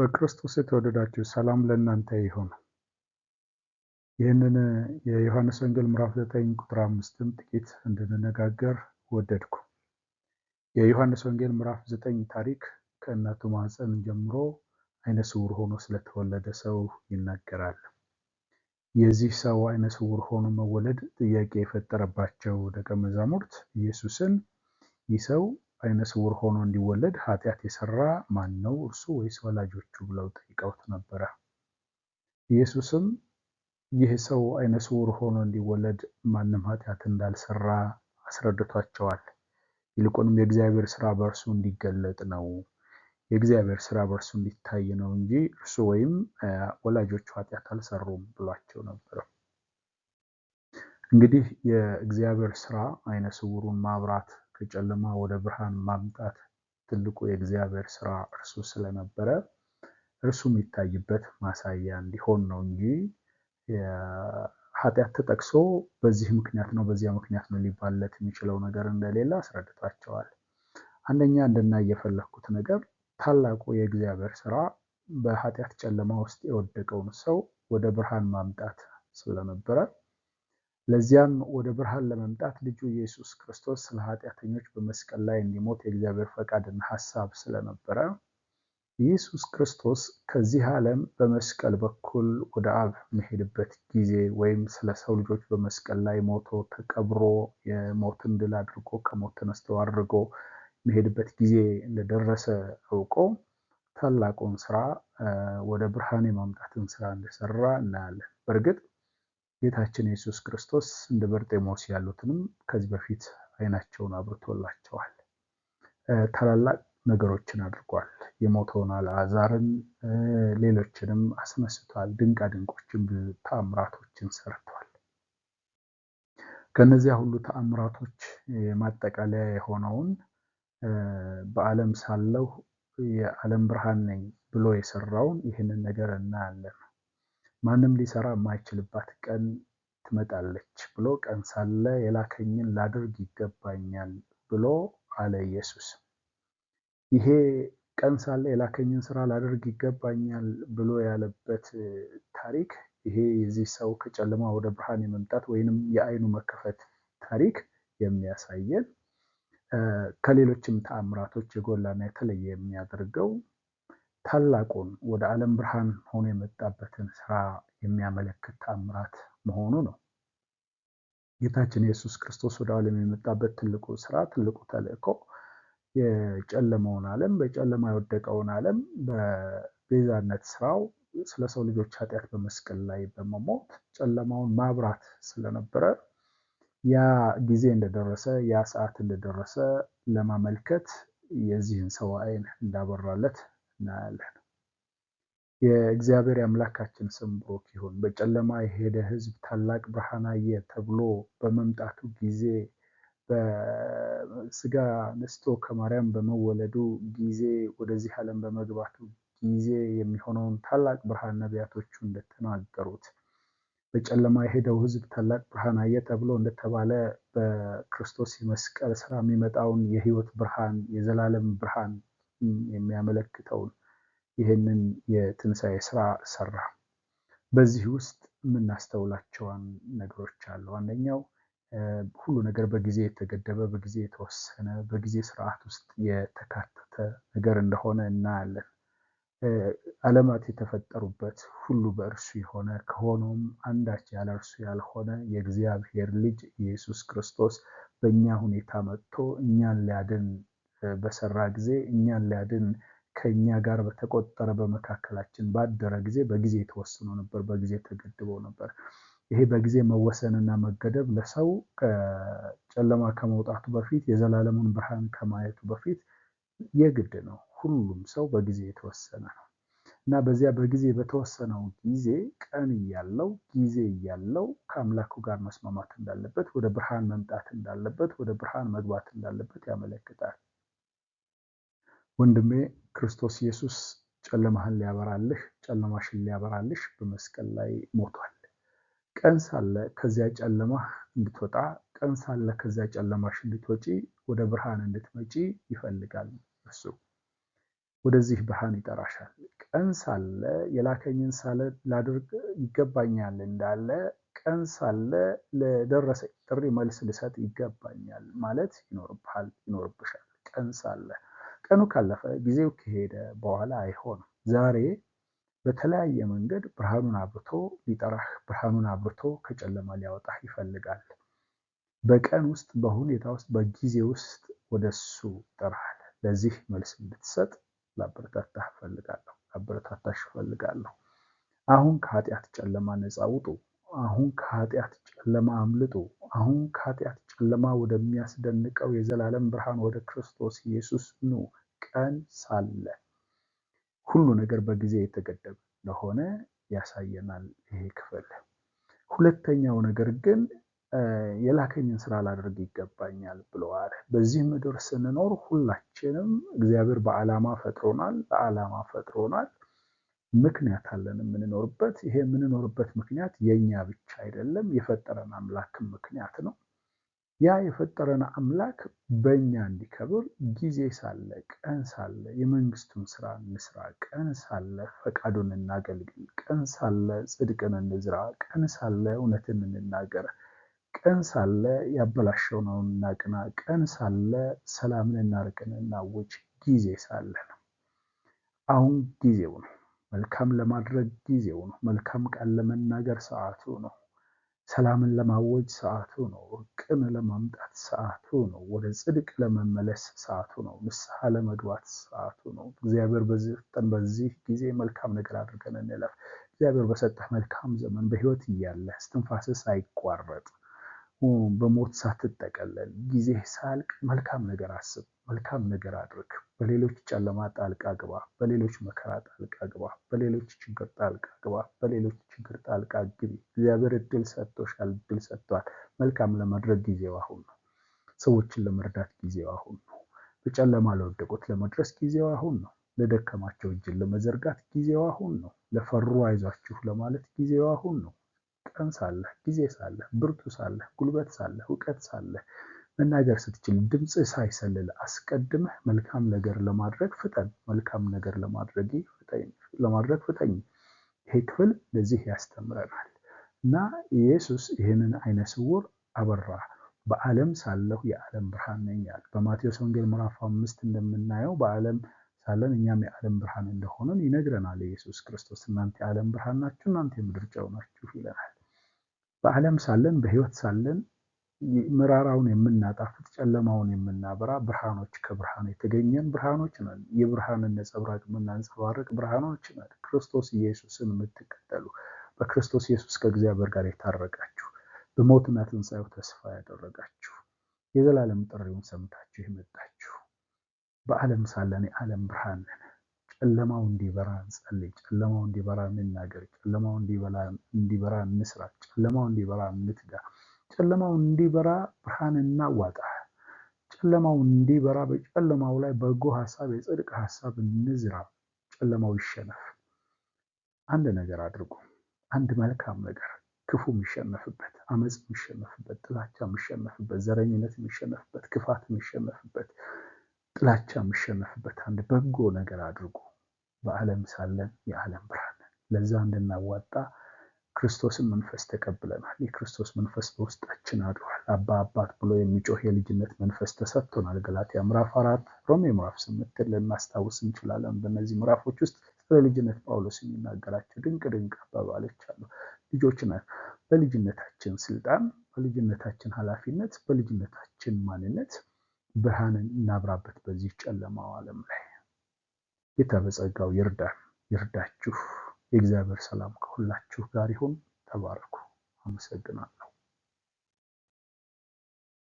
በክርስቶስ የተወደዳችሁ ሰላም ለእናንተ ይሁን። ይህንን የዮሐንስ ወንጌል ምዕራፍ 9 ቁጥር አምስትን ጥቂት እንድንነጋገር ወደድኩ። የዮሐንስ ወንጌል ምዕራፍ 9 ታሪክ ከእናቱ ማኅፀን ጀምሮ አይነ ስውር ሆኖ ስለተወለደ ሰው ይናገራል። የዚህ ሰው አይነ ስውር ሆኖ መወለድ ጥያቄ የፈጠረባቸው ደቀ መዛሙርት ኢየሱስን ይህ ሰው አይነ ስውር ሆኖ እንዲወለድ ኃጢአት የሰራ ማን ነው? እርሱ ወይስ ወላጆቹ ብለው ጠይቀውት ነበረ። ኢየሱስም ይህ ሰው አይነ ስውር ሆኖ እንዲወለድ ማንም ኃጢአት እንዳልሰራ አስረድቷቸዋል። ይልቁንም የእግዚአብሔር ስራ በእርሱ እንዲገለጥ ነው፣ የእግዚአብሔር ስራ በእርሱ እንዲታይ ነው እንጂ እርሱ ወይም ወላጆቹ ኃጢአት አልሰሩም ብሏቸው ነበረ። እንግዲህ የእግዚአብሔር ስራ አይነ ስውሩን ማብራት ከጨለማ ወደ ብርሃን ማምጣት ትልቁ የእግዚአብሔር ስራ እርሱ ስለነበረ እርሱ የሚታይበት ማሳያ እንዲሆን ነው እንጂ ኃጢአት ተጠቅሶ በዚህ ምክንያት ነው በዚያ ምክንያት ነው ሊባለት የሚችለው ነገር እንደሌለ አስረድቷቸዋል። አንደኛ እንድናይ የፈለግኩት ነገር ታላቁ የእግዚአብሔር ስራ በኃጢአት ጨለማ ውስጥ የወደቀውን ሰው ወደ ብርሃን ማምጣት ስለነበረ ለዚያም ወደ ብርሃን ለመምጣት ልጁ ኢየሱስ ክርስቶስ ስለ ኃጢአተኞች በመስቀል ላይ እንዲሞት የእግዚአብሔር ፈቃድና ሐሳብ ስለነበረ ኢየሱስ ክርስቶስ ከዚህ ዓለም በመስቀል በኩል ወደ አብ የሚሄድበት ጊዜ ወይም ስለ ሰው ልጆች በመስቀል ላይ ሞቶ ተቀብሮ የሞትን ድል አድርጎ ከሞት ተነስቶ አድርጎ የሚሄድበት ጊዜ እንደደረሰ አውቆ ታላቁን ስራ ወደ ብርሃን የማምጣትን ስራ እንደሰራ እናያለን። በእርግጥ ጌታችን ኢየሱስ ክርስቶስ እንደ በርጤሞስ ያሉትንም ከዚህ በፊት አይናቸውን አብርቶላቸዋል። ታላላቅ ነገሮችን አድርጓል። የሞተውን አልዓዛርን፣ ሌሎችንም አስነስቷል። ድንቃ ድንቆችን፣ ብዙ ተአምራቶችን ሰርቷል። ከነዚያ ሁሉ ተአምራቶች ማጠቃለያ የሆነውን በዓለም ሳለሁ የዓለም ብርሃን ነኝ ብሎ የሰራውን ይህንን ነገር እናያለን። ማንም ሊሰራ የማይችልባት ቀን ትመጣለች ብሎ ቀን ሳለ የላከኝን ላድርግ ይገባኛል ብሎ አለ ኢየሱስ። ይሄ ቀን ሳለ የላከኝን ስራ ላድርግ ይገባኛል ብሎ ያለበት ታሪክ ይሄ የዚህ ሰው ከጨለማ ወደ ብርሃን የመምጣት ወይንም የአይኑ መከፈት ታሪክ የሚያሳየን ከሌሎችም ተአምራቶች የጎላና የተለየ የሚያደርገው ታላቁን ወደ ዓለም ብርሃን ሆኖ የመጣበትን ስራ የሚያመለክት ተአምራት መሆኑ ነው። ጌታችን ኢየሱስ ክርስቶስ ወደ ዓለም የመጣበት ትልቁ ስራ ትልቁ ተልእኮ የጨለመውን ዓለም በጨለማ የወደቀውን ዓለም በቤዛነት ስራው ስለ ሰው ልጆች ኃጢአት በመስቀል ላይ በመሞት ጨለማውን ማብራት ስለነበረ ያ ጊዜ እንደደረሰ ያ ሰዓት እንደደረሰ ለማመልከት የዚህን ሰው ዓይን እንዳበራለት እናያለን። የእግዚአብሔር የአምላካችን ስም ብሩክ ይሁን። በጨለማ የሄደ ሕዝብ ታላቅ ብርሃን አየ ተብሎ በመምጣቱ ጊዜ በስጋ ነስቶ ከማርያም በመወለዱ ጊዜ ወደዚህ ዓለም በመግባቱ ጊዜ የሚሆነውን ታላቅ ብርሃን ነቢያቶቹ እንደተናገሩት በጨለማ የሄደው ህዝብ ታላቅ ብርሃን አየ ተብሎ እንደተባለ በክርስቶስ የመስቀል ስራ የሚመጣውን የህይወት ብርሃን የዘላለም ብርሃን የሚያመለክተውን ይህንን የትንሣኤ ስራ ሰራ። በዚህ ውስጥ የምናስተውላቸዋን ነገሮች አሉ። አንደኛው ሁሉ ነገር በጊዜ የተገደበ በጊዜ የተወሰነ በጊዜ ስርዓት ውስጥ የተካተተ ነገር እንደሆነ እናያለን። ዓለማት የተፈጠሩበት ሁሉ በእርሱ የሆነ ከሆነውም አንዳች ያለ እርሱ ያልሆነ የእግዚአብሔር ልጅ ኢየሱስ ክርስቶስ በእኛ ሁኔታ መጥቶ እኛን ሊያድን በሰራ ጊዜ እኛን ሊያድን ከእኛ ጋር በተቆጠረ በመካከላችን ባደረ ጊዜ በጊዜ ተወስኖ ነበር፣ በጊዜ ተገድቦ ነበር። ይሄ በጊዜ መወሰንና መገደብ ለሰው ከጨለማ ከመውጣቱ በፊት የዘላለሙን ብርሃን ከማየቱ በፊት የግድ ነው። ሁሉም ሰው በጊዜ የተወሰነ ነው እና በዚያ በጊዜ በተወሰነው ጊዜ ቀን እያለው ጊዜ እያለው ከአምላኩ ጋር መስማማት እንዳለበት፣ ወደ ብርሃን መምጣት እንዳለበት፣ ወደ ብርሃን መግባት እንዳለበት ያመለክታል። ወንድሜ ክርስቶስ ኢየሱስ ጨለማህን ሊያበራልህ ጨለማሽን ሊያበራልሽ በመስቀል ላይ ሞቷል። ቀን ሳለ ከዚያ ጨለማህ እንድትወጣ ቀን ሳለ ከዚያ ጨለማሽ እንድትወጪ ወደ ብርሃን እንድትመጪ ይፈልጋል እርሱ። ወደዚህ ብርሃን ይጠራሻል። ቀን ሳለ የላከኝን ሳለ ላድርግ ይገባኛል እንዳለ ቀን ሳለ ለደረሰ ጥሪ መልስ ልሰጥ ይገባኛል ማለት ይኖርብሃል ይኖርብሻል። ቀን ሳለ ቀኑ ካለፈ ጊዜው ከሄደ በኋላ አይሆንም። ዛሬ በተለያየ መንገድ ብርሃኑን አብርቶ ሊጠራህ፣ ብርሃኑን አብርቶ ከጨለማ ሊያወጣህ ይፈልጋል። በቀን ውስጥ፣ በሁኔታ ውስጥ፣ በጊዜ ውስጥ ወደሱ ይጠራሃል። ለዚህ መልስ እንድትሰጥ ላበረታታህ እፈልጋለሁ፣ ላበረታታሽ እፈልጋለሁ። አሁን ከኃጢአት ጨለማ ነፃ ውጡ። አሁን ከኃጢአት ጨለማ አምልጡ። አሁን ከኃጢአት ጨለማ ወደሚያስደንቀው የዘላለም ብርሃን ወደ ክርስቶስ ኢየሱስ ኑ። ቀን ሳለ ሁሉ ነገር በጊዜ የተገደበ እንደሆነ ያሳየናል ይሄ ክፍል። ሁለተኛው ነገር ግን የላከኝን ስራ ላደርግ ይገባኛል ብለዋል። በዚህ ምድር ስንኖር ሁላችንም እግዚአብሔር በዓላማ ፈጥሮናል፣ ለዓላማ ፈጥሮናል። ምክንያት አለን የምንኖርበት። ይሄ የምንኖርበት ምክንያት የእኛ ብቻ አይደለም፣ የፈጠረን አምላክም ምክንያት ነው። ያ የፈጠረን አምላክ በእኛ እንዲከብር ጊዜ ሳለ ቀን ሳለ የመንግስቱን ስራ እንስራ፣ ቀን ሳለ ፈቃዱን እናገልግል፣ ቀን ሳለ ጽድቅን እንዝራ፣ ቀን ሳለ እውነትን እንናገር፣ ቀን ሳለ ያበላሸነውን እናቅና፣ ቀን ሳለ ሰላምን እናርቅን እናውጭ፣ ጊዜ ሳለ ነው። አሁን ጊዜው ነው። መልካም ለማድረግ ጊዜው ነው። መልካም ቃል ለመናገር ሰዓቱ ነው። ሰላምን ለማወጅ ሰዓቱ ነው። እርቅን ለማምጣት ሰዓቱ ነው። ወደ ጽድቅ ለመመለስ ሰዓቱ ነው። ንስሐ ለመግባት ሰዓቱ ነው። እግዚአብሔር በዚህ በዚህ ጊዜ መልካም ነገር አድርገን እንለፍ። እግዚአብሔር በሰጠህ መልካም ዘመን በህይወት እያለህ እስትንፋስህ ሳይቋረጥ ሁን። በሞት ሳትጠቀለል ጊዜህ ሳያልቅ መልካም ነገር አስብ፣ መልካም ነገር አድርግ። በሌሎች ጨለማ ጣልቃ ግባ፣ በሌሎች መከራ ጣልቃ ግባ፣ በሌሎች ችግር ጣልቃ ግባ፣ በሌሎች ችግር ጣልቃ ግቢ። እግዚአብሔር እድል ሰጥቶሻል፣ እድል ሰጥቷል። መልካም ለማድረግ ጊዜው አሁን ነው። ሰዎችን ለመርዳት ጊዜው አሁን ነው። በጨለማ ለወደቁት ለመድረስ ጊዜው አሁን ነው። ለደከማቸው እጅን ለመዘርጋት ጊዜው አሁን ነው። ለፈሩ አይዟችሁ ለማለት ጊዜው አሁን ነው። ቀን ሳለህ፣ ጊዜ ሳለህ፣ ብርቱ ሳለህ፣ ጉልበት ሳለህ፣ እውቀት ሳለህ፣ መናገር ስትችል፣ ድምፅ ሳይሰልል አስቀድመህ መልካም ነገር ለማድረግ ፍጠን። መልካም ነገር ለማድረግ ፍጠኝ። ይሄ ክፍል ለዚህ ያስተምረናል እና ኢየሱስ ይህንን አይነ ስውር አበራ። በዓለም ሳለሁ የዓለም ብርሃን ነኝ አለ። በማቴዎስ ወንጌል ምዕራፍ አምስት እንደምናየው በዓለም ሳለን እኛም የዓለም ብርሃን እንደሆነን ይነግረናል ኢየሱስ ክርስቶስ። እናንተ የዓለም ብርሃን ናችሁ፣ እናንተ የምድር ጨው ናችሁ ይለናል። በዓለም ሳለን በህይወት ሳለን ምራራውን የምናጣፍጥ ጨለማውን የምናበራ ብርሃኖች ከብርሃን የተገኘን ብርሃኖች ነን። የብርሃንን ነጸብራቅ የምናንጸባረቅ ብርሃኖች ነን። ክርስቶስ ኢየሱስን የምትከተሉ በክርስቶስ ኢየሱስ ከእግዚአብሔር ጋር የታረቃችሁ በሞትና ትንሣኤው ተስፋ ያደረጋችሁ የዘላለም ጥሪውን ሰምታችሁ የመጣችሁ በዓለም ሳለን የዓለም ብርሃን ነን። ጨለማው እንዲበራ እንጸልይ። ጨለማው እንዲበራ እንናገር። ጨለማው እንዲበራ እንስራ። ጨለማው እንዲበራ እንትጋ። ጨለማው እንዲበራ ብርሃን እናዋጣ። ጨለማው እንዲበራ በጨለማው ላይ በጎ ሀሳብ፣ የጽድቅ ሀሳብ እንዝራ። ጨለማው ይሸነፍ። አንድ ነገር አድርጉ። አንድ መልካም ነገር ክፉ የሚሸነፍበት፣ አመፅ የሚሸነፍበት፣ ጥላቻ የሚሸነፍበት፣ ዘረኝነት የሚሸነፍበት፣ ክፋት የሚሸነፍበት፣ ጥላቻ የሚሸነፍበት አንድ በጎ ነገር አድርጉ። በዓለም ሳለን የዓለም ብርሃን ለዛ እንድናዋጣ ክርስቶስን መንፈስ ተቀብለናል። የክርስቶስ መንፈስ በውስጣችን አድሯል። አባ አባት ብሎ የሚጮህ የልጅነት መንፈስ ተሰጥቶናል። ገላትያ ምዕራፍ አራት ሮሜ ምዕራፍ ስምንትን ልናስታውስ እንችላለን። በእነዚህ ምዕራፎች ውስጥ ስለ ልጅነት ጳውሎስ የሚናገራቸው ድንቅ ድንቅ አባባሎች አሉ። ልጆች ነን። በልጅነታችን ስልጣን፣ በልጅነታችን ኃላፊነት፣ በልጅነታችን ማንነት ብርሃንን እናብራበት በዚህ ጨለማው ዓለም ላይ ጌታ በጸጋው ይርዳን ይርዳችሁ። የእግዚአብሔር ሰላም ከሁላችሁ ጋር ይሁን። ተባረኩ። አመሰግናለሁ።